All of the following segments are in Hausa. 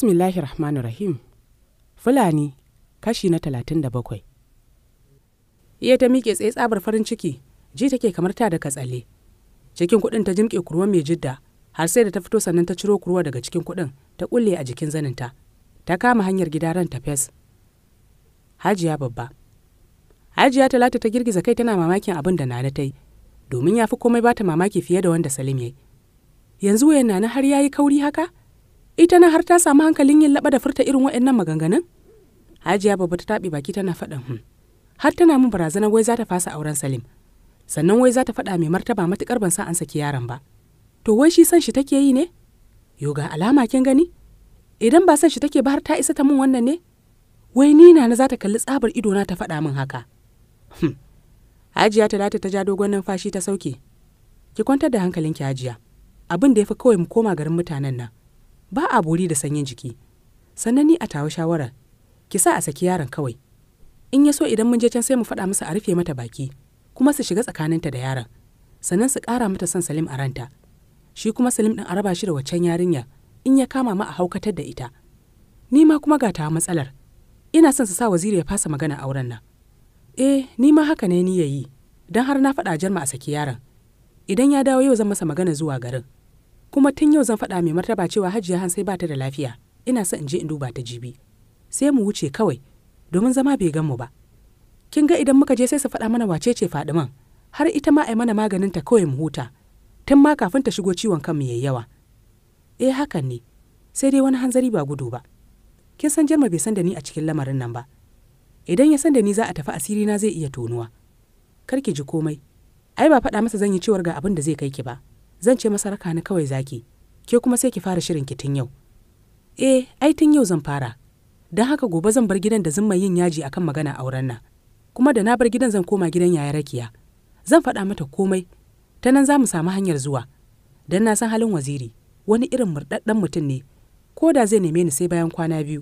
bismillahir rahmanir rahim fulani kashi na talatin da bakwai iya ta miƙe tsaye tsabar farin ciki ji take kamar ta da katsale cikin kuɗin ta jimƙe kurwa mai jidda har sai da ta fito sannan ta ciro kurwa daga cikin kuɗin ta ƙulle a jikin zaninta ta kama hanyar gida ran ta fes hajiya babba hajiya talata ta girgiza kai tana mamakin abin da nana ta yi domin ya fi komai ba ta mamaki fiye da wanda salim ya yi yanzu wayan nana har ya yi kauri haka ita na har ta samu hankalin yin laba da furta irin waɗannan maganganun hajiya babba ta taɓe baki tana faɗin hun hmm. har tana min barazanar wai za ta fasa auren salim sannan wai za ta faɗa mai martaba matuƙar ban sa an saki yaron ba to wai shi son shi take yi ne ga alama kin gani idan ba son shi take ba har ta isa ta min wannan ne wai ni na za ta kalli tsabar ido na ta faɗa min haka hmm. hajiya ta lati ta ja dogon numfashi ta sauke ki kwantar da hankalinki hajiya abin da ya fi kawai mu koma garin mutanen nan ba a bori da sanyin jiki sannan ni a tawa shawara ki sa a saki yaron kawai in ya so idan mun je can sai mu faɗa masa a rufe mata baki kuma su shiga tsakaninta da yaron sannan su ƙara mata son salim a ranta shi kuma salim ɗin a raba shi da waccan yarinya in ya kama ma a haukatar da ita ni ma kuma ga ta matsalar ina son su sa waziri ya fasa magana auren nan eh ni ma haka ne ni yayi dan har na faɗa jarma a saki yaron idan ya dawo yau zan masa magana zuwa garin kuma tun yau zan faɗa mai martaba cewa hajiya hansai ba ta da lafiya ina son in je in duba ta jibi sai mu wuce kawai domin zama bai gan mu ba kin ga idan muka je sai su faɗa mana wace ce faɗiman har ita ma ai mana maganin ta kawai mu huta tun ma kafin ta shigo ciwon kanmu yayi yawa eh hakan ne sai dai wani hanzari ba gudu ba kin san jarma bai san da ni a cikin lamarin nan ba idan ya san da ni za a tafi asiri na zai iya tonuwa kar ki ji komai ai ba faɗa masa zan yi cewar ga abin da zai kai ki ba zan ce masa raka ni kawai zaki ke kuma sai ki fara shirin kitin yau eh ai tun yau zan fara don haka gobe zan bar gidan da zan yin yaji akan magana auren nan kuma da na bar gidan zan koma gidan yaya rakiya zan faɗa mata komai ta nan za mu samu hanyar zuwa don na san halin waziri wani irin murɗaɗɗen mutum ne ko da zai neme ni sai bayan kwana biyu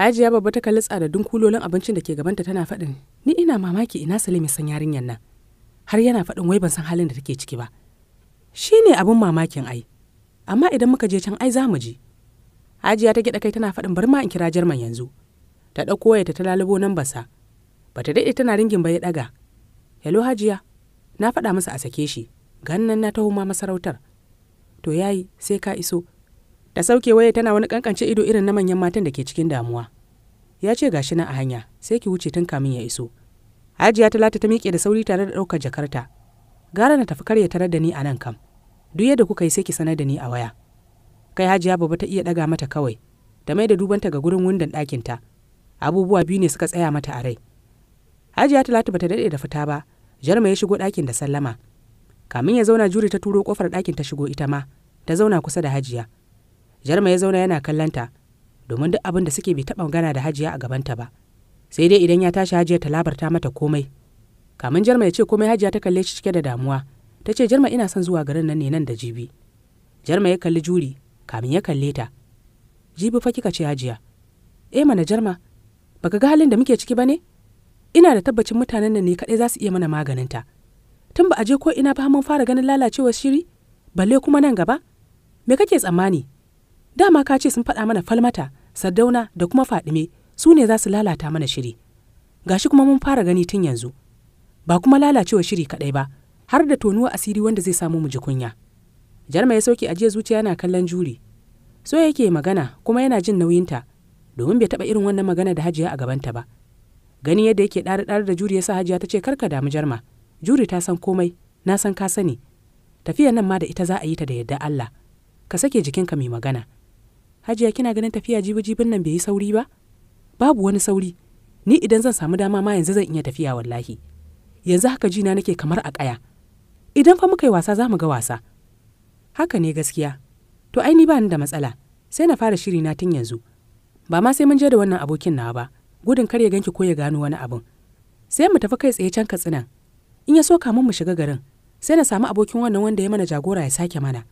hajiya babba ta kalli dun kulolin abincin da ke gabanta tana faɗin ni ina mamaki ina salimi san yarinyar nan har yana faɗin wai ban san halin da take ciki ba shi ne abin mamakin ai amma idan muka je can ai za mu ji hajiya ta gida kai tana faɗin bar ma in kira jarman yanzu ta ɗauko wayarta ta lalubo nan basa Bata daɗe tana ringin ba ya ɗaga yalo hajiya na faɗa masa a sake shi ganin na taho ma masarautar to yayi sai ka iso Ta sauke waya tana wani kankance ido irin na manyan matan da ke cikin damuwa ya ce ga shi na a hanya sai ki wuce tun kamin ya iso hajiya ta lata ta miƙe da sauri tare da ɗaukar jakarta gara na tafi karya tarar da ni a nan kam duk yadda kuka yi sai ki sanar da ni a waya kai hajiya baba ta iya ɗaga mata kawai Ta mai da dubanta ga gurin windon ɗakinta abubuwa biyu ne suka tsaya mata a rai hajiya talatu bata daɗe da fita ba jarma ya shigo ɗakin da sallama kamin ya zauna juri ta turo ƙofar ɗakin ta shigo ita ma ta zauna kusa da hajiya jarma ya zauna yana kallanta domin duk abin da suke bai taɓa magana da hajiya a gabanta ba sai dai idan ya tashi hajiya ta labarta mata komai kamin jarma ya ce komai hajiya ta kalle shi cike da damuwa ta ce jarma ina son zuwa garin nan ne nan da jibi jarma ya kalli juri kamin ya kalle ta jibi fa kika ce hajiya eh mana jarma baka ga halin da muke ciki ba ne ina da tabbacin mutanen nan ne kaɗai za su iya mana maganinta tun ba a je ko ina ba mun fara ganin lalacewar shiri balle kuma nan gaba me kake tsammani dama ka ce sun faɗa mana falmata sardauna da kuma faɗime su ne za su lalata mana shiri gashi kuma mun fara gani tun yanzu ba kuma lalacewa shiri kaɗai ba har da tonuwa asiri wanda zai samu mu ji kunya jarma ya sauki ajiye zuciya yana kallon juri so yake magana kuma yana jin nauyinta domin bai taɓa irin wannan magana da hajiya a gabanta ba gani yadda yake ɗare ɗare da juri ya sa hajiya ta ce karka damu jarma juri ta san komai na san ka sani tafiya nan ma da ita za a yi ta da yadda Allah ka sake jikinka mai magana hajiya kina ganin tafiya jibi-jibin nan bai yi sauri ba babu wani sauri ni idan zan samu dama ma yanzu zan iya tafiya wallahi yanzu haka jina nake kamar a ƙaya idan fa muka yi wasa za mu ga wasa haka ne gaskiya to ai ni ba ni da matsala sai na fara shiri na tun yanzu ba ma sai mun je da wannan abokin nawa ba gudun kar ya ganki ko ya gano wani abin sai mu tafi kai tsaye can katsina. in ya so mun mu shiga garin sai na samu abokin wannan wanda ya mana jagora ya sake mana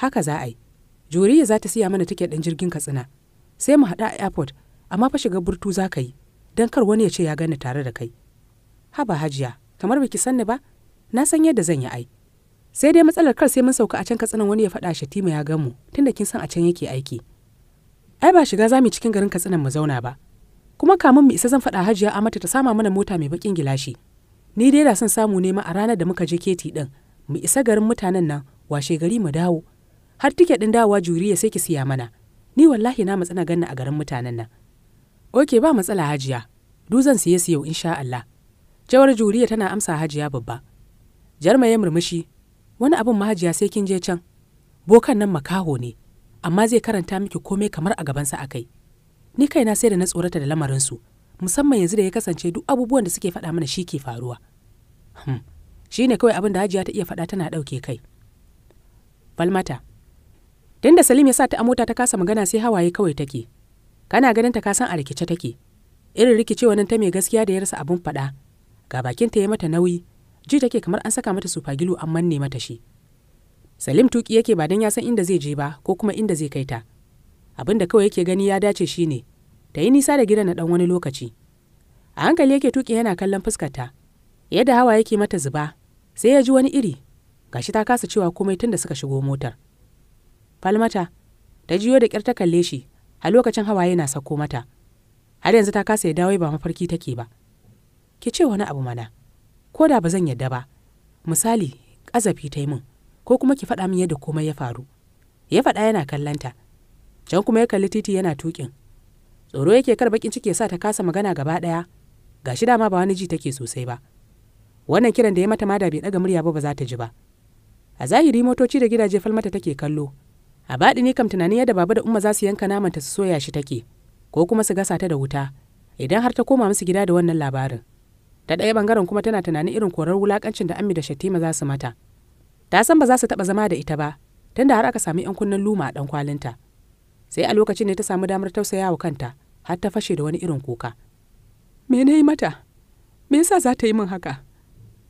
haka za a yi juriya za ta siya mana tiket ɗin jirgin katsina sai mu haɗa a airport amma fa shiga burtu za ka yi don kar wani ya ce ya gani tare da kai haba hajiya kamar baki sanni ba na san yadda zan yi ai sai dai matsalar kar sai mun sauka a can katsinan wani ya faɗa tima ya gan mu tunda kin san a can yake aiki ai ba shiga zamu cikin garin katsinan mu zauna ba kuma kamun mu isa zan faɗa hajiya a mata ta sama mana mota mai bakin gilashi ni dai da son samu nema a ranar da muka je keti din mu isa garin mutanen nan washe gari mu dawo har tiket din dawowa juriya sai ki siya mana ni wallahi na matsana ganna a garin mutanen nan oke ba matsala hajiya duzan zan siye siyo insha Allah Jawar Juriya tana amsa Hajiya babba. Jarma ya murmushi, wani abin mahajiya sai kin je can. Bokan nan makaho ne, amma zai karanta miki komai kamar a gabansa a kai. Ni kaina sai da na tsorata da lamarinsu, musamman yanzu da ya kasance duk abubuwan da suke faɗa mana shi ke faruwa. Hmm. Shi ne kawai abin da hajiya ta iya faɗa tana ɗauke kai. Falmata. tun da Salim ya sa ta a mota ta kasa magana sai hawaye kawai take. Kana ganin ta kasan a rikice take. Irin rikicewa nan ta mai gaskiya da ya rasa abin faɗa ga bakin ta ya mata nauyi ji take kamar an saka mata sufagilu an manne mata shi salim tuki yake ba don ya san inda zai je ba ko kuma inda zai kai ta abin da kawai yake gani ya dace shine ta yi nisa da gidan na dan wani lokaci a hankali yake tuki yana kallon fuskarta yadda hawa yake mata zuba sai ya ji wani iri gashi ta kasa cewa komai tun da suka shigo motar falmata ta jiyo da kyar ta kalle shi a lokacin hawa yana sako mata har yanzu ta kasa ya dawo ba mafarki take ba ki ce wani abu mana ko da ba zan yadda ba misali ƙazafi ta yi min ko kuma ki faɗa min yadda komai ya faru ya faɗa yana kallanta can kuma ya kalli titi yana tuƙin tsoro yake kar bakin ciki ya sa ta kasa magana gaba ɗaya ga shi dama ba wani ji take sosai ba wannan kiran da ya mata ma bai ɗaga murya ba ba za ta ji ba a zahiri motoci da gidaje falmata take kallo a baɗi ne kam tunanin yadda baba da umma za su yanka namanta su soya shi take ko kuma su gasa ta da wuta idan har ta koma musu gida da wannan labarin da ɗaya bangaren kuma tana tunanin irin korar wulakancin da ammi da shatima za su mata ta san ba za su taɓa zama da ita ba da har aka sami yan kunnen luma a ɗan kwalinta sai a lokacin ne ta samu damar wa kanta har ta fashe da wani irin kuka me na yi mata me yasa za ta yi min haka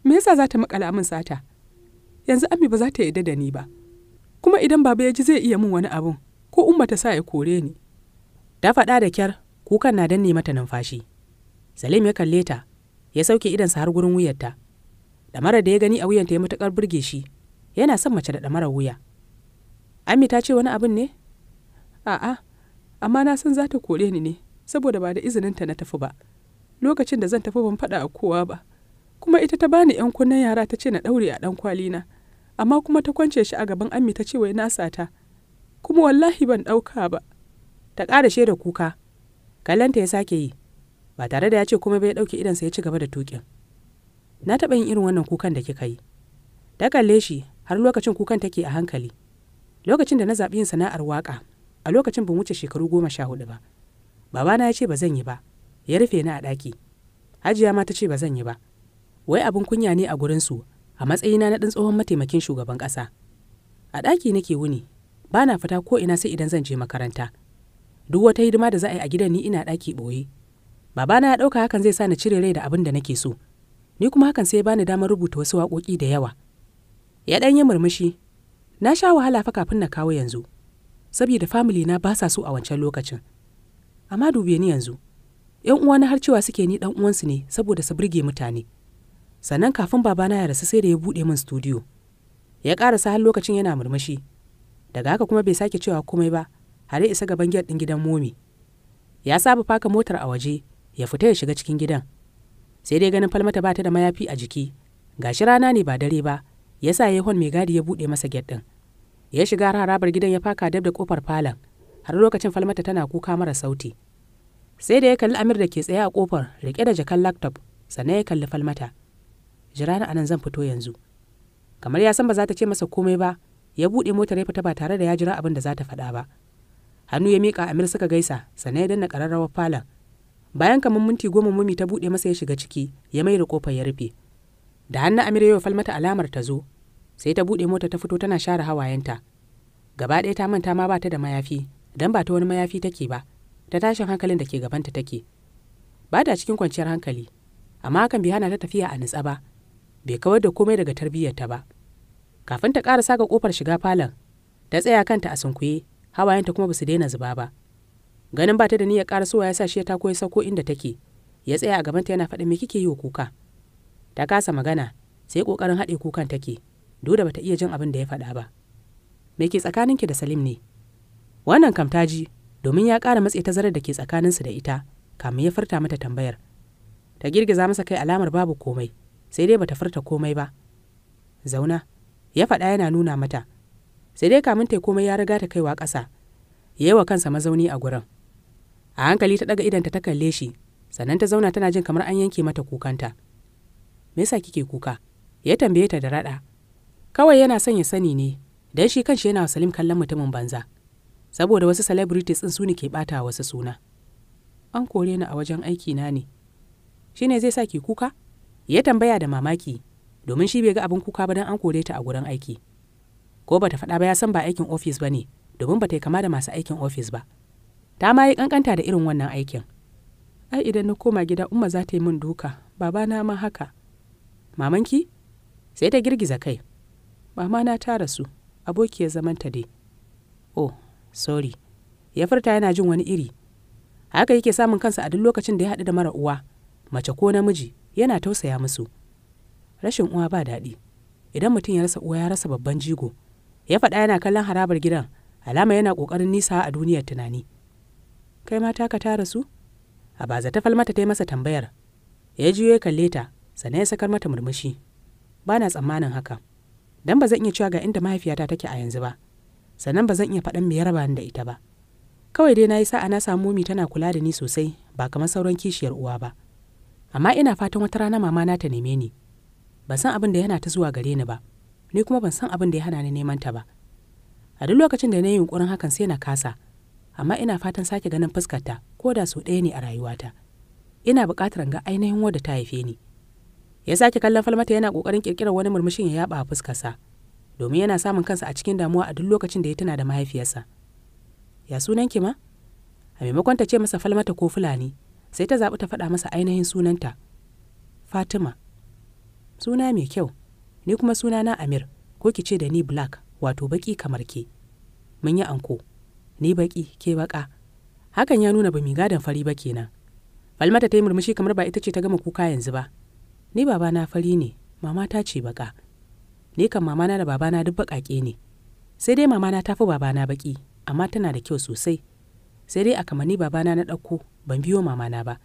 me yasa za ta makala min sata yanzu ammi ba za ta yarda da ni ba kuma idan baba ya ji zai iya min wani abun ko umma ta sa ya kore ni ta faɗa da kyar kukan na danne mata numfashi salim ya kalle ta ya sauke idansa har gurin wuyarta damara da ya gani a wuyanta ya matuƙar burge shi yana son mace da damara wuya ami ta ce wani abin ne a'a amma na san za ta kore ni ne saboda ba da izinin ta na tafi ba lokacin da zan tafi ban faɗa a kowa ba kuma ita ta bani yan kunnen yara ta ce na daure a ɗan na. amma kuma ta kwance shi a gaban Ami ta ce wai na sata kuma wallahi ban ɗauka ba ta ƙara da kuka kalanta ya sake yi ba tare da ya ce kuma bai ɗauke idansa ya ci gaba da tuƙin na taɓa yin irin wannan kukan da kika yi ta kalle shi har lokacin kukan take a hankali lokacin da na zaɓi yin sana'ar waƙa a lokacin ban wuce shekaru goma sha hudu ba babana ya ce ba zan yi ba ya rufe ni a ɗaki hajiya ma ta ce ba zan yi ba wai abin kunya ne a gurinsu a matsayina na ɗan tsohon mataimakin shugaban ƙasa a ɗaki nake wuni ba na fita ko ina sai idan zan je makaranta duk wata hidima da za a yi a gidan ni ina ɗaki ɓoye babana ya ɗauka hakan zai sa ni cire rai da abin da nake so ni kuma hakan sai ya bani damar rubuta wasu waƙoƙi da yawa ya ɗan yi murmushi na sha wahala fa kafin na kawo yanzu saboda family na ba sa so a wancan lokacin amma dube ni yanzu yan uwana har cewa suke ni dan uwansu ne saboda su burge mutane sannan kafin babana ya rasu sai da ya buɗe min studio ya ƙarasa har lokacin yana murmushi daga haka kuma bai sake cewa komai ba har ya isa gaban gate ɗin gidan momi ya saba faka motar a waje ya fita ya shiga cikin gidan sai dai ganin falmata ba ta da mayafi a jiki Ga shi rana ne ba dare ba ya sa yehon mai gadi ya buɗe masa get ɗin ya shiga harabar gidan ya faka dab da kofar falon har lokacin falmata tana kuka mara sauti sai da ya kalli amir da ke tsaye a kofar rike da jakan laptop sannan ya kalli falmata jira na anan zan fito yanzu kamar ya san ba za ta ce masa komai ba ya buɗe motar ya fita ba tare da ya jira abin da za ta faɗa ba hannu ya miƙa amir suka gaisa sannan ya danna ƙararrawar falon bayan kamar minti goma mumi ta buɗe masa ya shiga ciki ya mai da kofar ya rufe da hannu amir yau falmata alamar ta zo sai ta buɗe mota ta fito tana share hawayenta gaba ɗaya ta manta ma ba ta da mayafi dan ba ta wani mayafi take ba ta tashin hankalin da ke gabanta take ba ta cikin kwanciyar hankali amma hakan bai hana ta tafiya a nutsa ba bai kawar da komai daga tarbiyyar ta ba kafin ta ƙara saka kofar shiga falon ta tsaya kanta a sunkuye hawayenta kuma ba su daina zuba ba ganin ba ta da niyyar karasowa ya sa shi ya tako ya sauko inda take ya tsaya a gabanta yana faɗin me kike yi wa kuka ta kasa magana sai ƙoƙarin haɗe kukan take duk da bata iya jin abin da ya faɗa ba me ke tsakaninki da Salim ne wannan kam ta domin ya ƙara matse tazarar da ke tsakaninsu da ita kamin ya furta mata tambayar ta girgiza masa kai alamar babu komai sai dai bata furta komai ba zauna ya faɗa yana nuna mata sai dai kamin ta komai ya riga ta kaiwa ƙasa ya yi wa kansa mazauni a gurin a hankali ta daga idanta ta kalle shi sannan ta zauna tana jin kamar an yanke mata kukanta me yasa kike kuka ya tambaye ta da rada kawai yana son ya sani ne dan shi kanshi yana salim kallon mutumin banza saboda wasu celebrities din su ne ke bata wasu suna an kore ni a wajen aiki na ne shine zai sa ki kuka ya tambaya da mamaki domin shi bai ga abin kuka ba dan an kore ta a gurin aiki ko bata faɗa ba ya san ba aikin ofis ba ne domin bata yi kama da masu aikin ofis ba. ta ma yi kankanta da irin wannan aikin ai idan na koma gida umma za ta yi min duka babana ma haka mamanki sai ta girgiza kai mama na ta rasu abokiyar zamanta dai oh sorry ya furta yana jin wani iri haka yake samun kansa a duk lokacin da ya haɗu da mara uwa mace ko namiji yana tausaya musu rashin uwa ba daɗi idan mutum ya rasa uwa ya rasa babban jigo ya faɗa yana kallon harabar gidan alama yana ƙoƙarin nisa a duniyar tunani kai mata ka tara su. a ba zata falmata ta yi masa tambayar ya juyo ya kalle ta sannan ya sakar mata murmushi ba na tsammanin haka dan ba zan iya cewa ga inda mahaifiyata take a yanzu ba sannan ba zan iya faɗan me ya ni da ita ba kawai dai na yi sa'a na samu mumi tana kula da ni sosai ba kamar sauran kishiyar uwa ba amma ina fatan wata rana mama na ta neme ni ban san abin da yana ta zuwa gare ni ba ni kuma ban san abin da ya hana ni neman ta ba a duk lokacin da na yi yunkurin hakan sai na kasa amma ina fatan sake ganin fuskarta ko da sau ɗaya ne a rayuwata ina buƙatar ga ainihin wadda ta haife ni ya sake kallon falmata yana ƙoƙarin ƙirƙirar wani murmushin ya yaɓa a fuskarsa domin yana samun kansa a cikin damuwa a duk lokacin da ya tuna da mahaifiyarsa ya sunan ki ma a maimakon ta ce masa falmata ko fulani sai ta zaɓi ta faɗa masa ainihin sunanta fatima suna mai kyau ni kuma suna na amir ko ki ce da ni black wato baƙi kamar ke mun yi anko ni baki ke baka hakan ya nuna ba mi gadon fari ba kenan falmata ta yi murmushi kamar ba ita ce ta gama kuka yanzu ba ni babana fari ne mama ta ce baka ni kan mamana da babana duk bakake ne sai dai mamana ta fi babana baki amma tana da kyau sosai sai dai a kamanni babana na ɗauko ban biyo mamana ba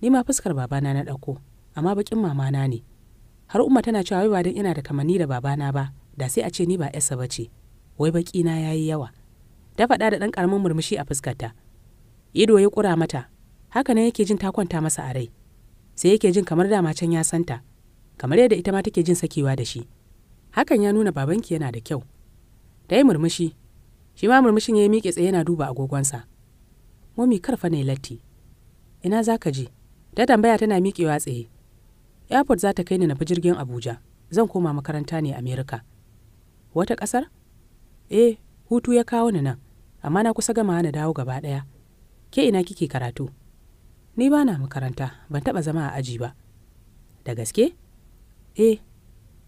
ni ma fuskar baba na ɗauko amma bakin mamana ne har umma tana cewa wai ba don ina da kamani da babana ba da sai a ce ni ba yasa ba ce wai baki na yayi yawa ta faɗa da ɗan ƙaramin murmushi a fuskarta ido ya ƙura mata haka nan yake jin ta kwanta masa a rai sai yake jin kamar dama can ya santa kamar yadda ita ma take jin sakewa da shi hakan ya nuna babanki yana da kyau ta yi murmushi shi ma murmushin ya yi miƙe tsaye yana duba agogonsa momi karfa ne latti ina za ka je ta tambaya tana miƙewa tsaye airport za ta kai ni na fi jirgin abuja zan koma makaranta ne amerika wata ƙasar eh hutu ya kawo ni nan amma na kusa gama na dawo gaba ɗaya ke ina kike karatu ni ba na makaranta ban taɓa zama a aji ba da gaske eh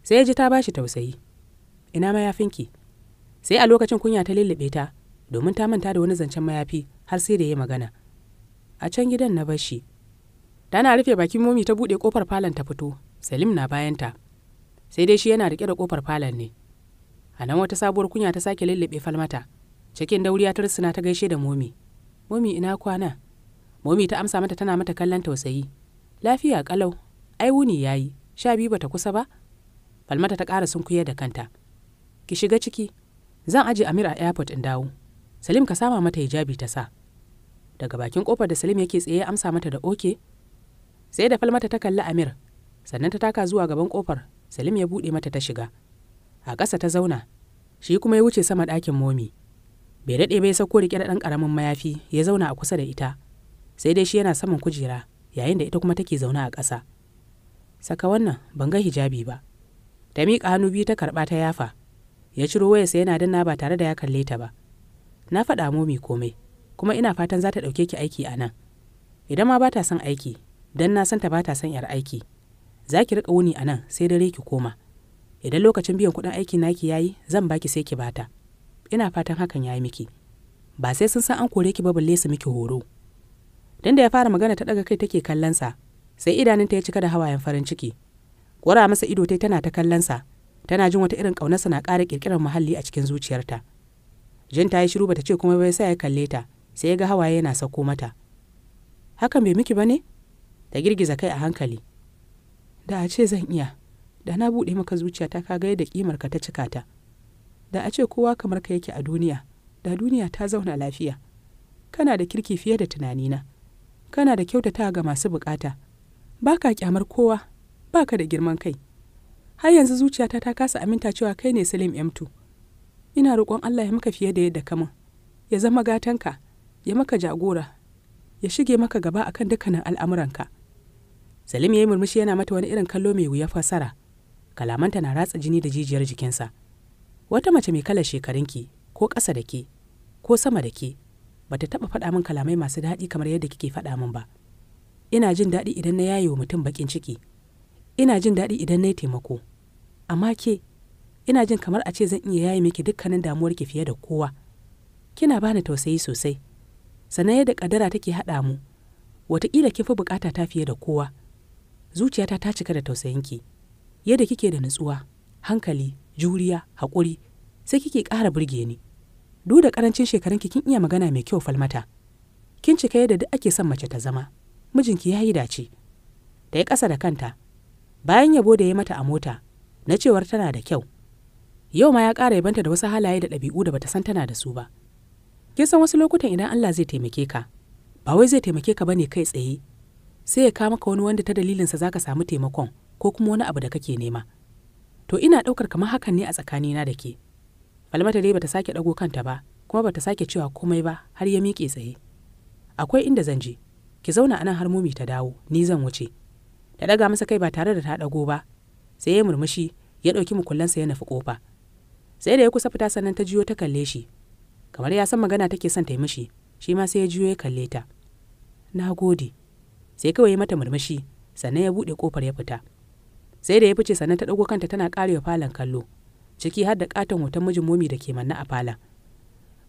sai ya ji ta ba shi tausayi ina mayafinki sai a lokacin kunya ta lullube ta domin ta manta da wani zancen mayafi har sai da ya magana a can gidan na bashi tana rufe bakin momi ta buɗe ƙofar falon ta fito salim na bayanta sai dai shi yana riƙe da ƙofar falon ne a nan wata sabuwar kunya ta sake lullube falmata cikin dauriya ta na ta gaishe da momi momi ina kwana momi ta amsa mata tana mata kallon tausayi lafiya kalau ai wuni yayi sha biyu bata kusa ba falmata ta ƙara sunkuye da kanta ki shiga ciki zan aje amir a airport in dawo salim ka sama mata hijabi ta sa daga bakin kofar da salim yake tsaye amsa mata da oke sai da falmata ta kalli amir sannan ta taka zuwa gaban kofar salim ya bude mata ta shiga a ƙasa ta zauna shi kuma ya wuce sama dakin momi bai daɗe bai sauko riƙe da ɗan ƙaramin mayafi ya zauna a kusa da ita sai dai shi yana saman kujera yayin da ita kuma take zaune a ƙasa saka wannan ban ga hijabi ba ta miƙa hannu biyu ta karɓa ta yafa ya ciro wayarsa yana danna ba tare da ya kalle ta ba na faɗa momi komai kuma ina fatan za ta ɗauke ki aiki a nan idan ma ba ta son aiki don na san ta ba ta son yar aiki za ki riƙa wuni a nan sai dare ki koma idan lokacin biyan kuɗin aiki naki yayi zan baki sai ki bata ina fatan hakan ya yi miki ba sai sun san an kore ki ba balle su miki horo dan da ya fara magana ta daga kai take kallonsa sai idanunta ya cika da hawayen farin ciki kora masa ido tai tana ta kallonsa tana jin wata irin ƙaunarsa na ƙara ƙirƙirar muhalli a cikin zuciyarta jin ta yi shiru bata ce kuma bai sa ya kalle ta sai ya ga hawaye yana sauko mata hakan bai miki ba ne ta girgiza kai a hankali da a ce zan iya da na buɗe maka zuciyata ka ga yadda kimar ka ta cika ta da a ce kowa kamar ka yake a duniya da duniya ta zauna lafiya kana da kirki fiye da tunanina kana da kyautata ga masu bukata ba ka kyamar kowa ba ka da girman kai har yanzu zuciyata ta kasa aminta cewa kai ne salim m2 ina roƙon allah ya maka fiye da yadda kama. ya zama gatanka ya maka jagora ya shige maka gaba akan dukkanin al'amuranka salim ya yi murmushi yana mata wani irin kallo mai wuya fasara kalamanta na ratsa jini da jijiyar jikinsa wata mace mai kalar shekarunki ko ƙasa da ke ko sama da ke ba ta taɓa faɗa min kalamai masu daɗi kamar yadda kike faɗa min ba ina jin daɗi idan na yaye wa mutum baƙin ciki ina jin daɗi idan na yi taimako amma ke ina jin kamar a ce zan iya yaye miki dukkanin ki fiye da kowa kina bani tausayi sosai sannan yadda ƙaddara take haɗa mu wataƙila kin fi buƙata ta fiye da kowa zuciyata ta cika da tausayin ki yadda kike da nutsuwa hankali juriya haƙuri sai kike ƙara burge ni duk da ƙarancin shekarun kin iya magana mai kyau falmata kin cika yadda duk ake son mace ta zama mijinki ya yi dace da ya ƙasa da kanta bayan yabo da ya mata a mota na cewar tana da kyau yau ma ya ƙara yabanta da wasu halaye da ɗabi'u da bata san tana da su ba kin san wasu lokutan idan Allah zai taimake ka ba wai zai taimake ka bane kai tsaye sai ya kama ka wani wanda ta dalilinsa zaka samu taimakon ko kuma wani abu da kake nema to ina ɗaukar kamar hakan ne a tsakanina da ke falmata dai bata sake ɗago kanta ba kuma bata sake cewa komai ba har ya miƙe tsaye akwai inda zan je ki zauna anan har mumi ta dawo ni zan wuce ta ɗaga masa kai ba tare da ta ɗago ba sai ya murmushi ya ɗauki mukullansa ya nufi ƙofa sai da ya kusa fita sannan ta jiyo ta kalle shi kamar ya san magana take son ta yi mishi shi ma sai ya jiyo ya kalle ta na gode sai kawai ya mata murmushi sannan ya buɗe ƙofar ya fita sai da ya fice sannan ta ɗauko kanta tana karewa falon kallo ciki har da katon hoton mijin momi da ke manna a falon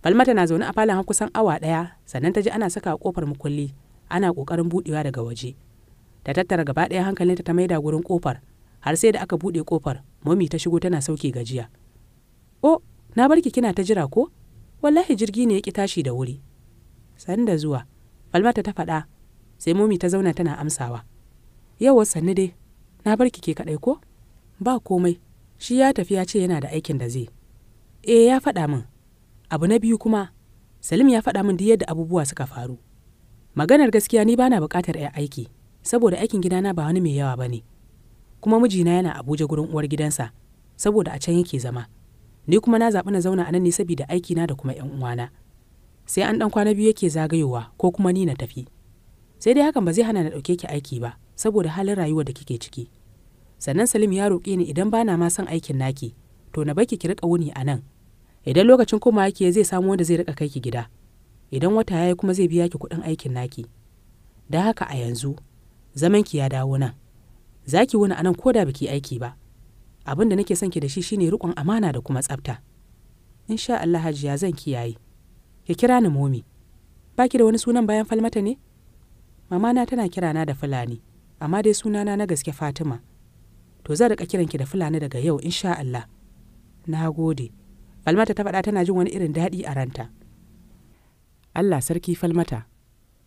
falmata na zaune a falon har kusan awa ɗaya sannan ta ji ana saka a kofar mukulli ana ƙoƙarin buɗewa daga waje ta tattara gaba ɗaya hankalinta ta maida gurin kofar har sai da aka buɗe kofar momi ta shigo tana sauke gajiya o na barki kina ta jira ko wallahi jirgi ne ya ki tashi da wuri da zuwa falmata ta faɗa sai momi ta zauna tana amsawa yau sannu dai na bar ki ke kaɗai ko ba komai shi ya tafi ya ce yana da aikin da zai eh ya faɗa min abu na biyu kuma salim ya faɗa min duk yadda abubuwa suka faru maganar gaskiya ni bana buƙatar 'ya aiki saboda aikin gidana ba wani mai yawa ba ne kuma mijina yana abuja gurin uwar gidansa saboda a can yake zama ni kuma na zaɓi na zauna a nan ne saboda aikina da kuma 'yan uwana sai an ɗan kwana biyu yake zagayowa ko kuma ni na tafi sai dai hakan ba zai hana na ɗauke ki aiki ba saboda halin rayuwar da kike ciki sannan salim ya roƙe ni idan bana ma son aikin naki to na baki ki rika wuni a nan idan lokacin koma yake zai samu wanda zai rika kai ki gida idan wata yayi kuma zai biya ki kuɗin aikin naki da haka a yanzu zaman ki ya dawo nan za ki wuni a nan ko da baki aiki ba abin da nake son ki da shi shine rikon amana da kuma tsafta insha Allah hajiya zan kiyaye ki kira ni momi baki da wani sunan bayan falmata ne mamana tana kirana da fulani amma dai sunana na gaske fatima to zan rika kiranki da fulani daga yau insha Allah na gode falmata ta faɗa tana jin wani irin daɗi a ranta Allah sarki falmata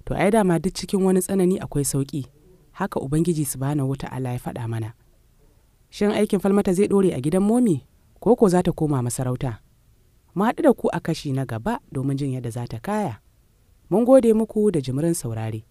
to ai dama duk cikin wani tsanani akwai sauƙi haka ubangiji su wuta, Allah ya faɗa mana shin aikin falmata zai dore a gidan momi ko ko za ta koma masarauta mu haɗu da ku a kashi na gaba domin jin yadda za ta kaya mun gode muku da jimirin saurare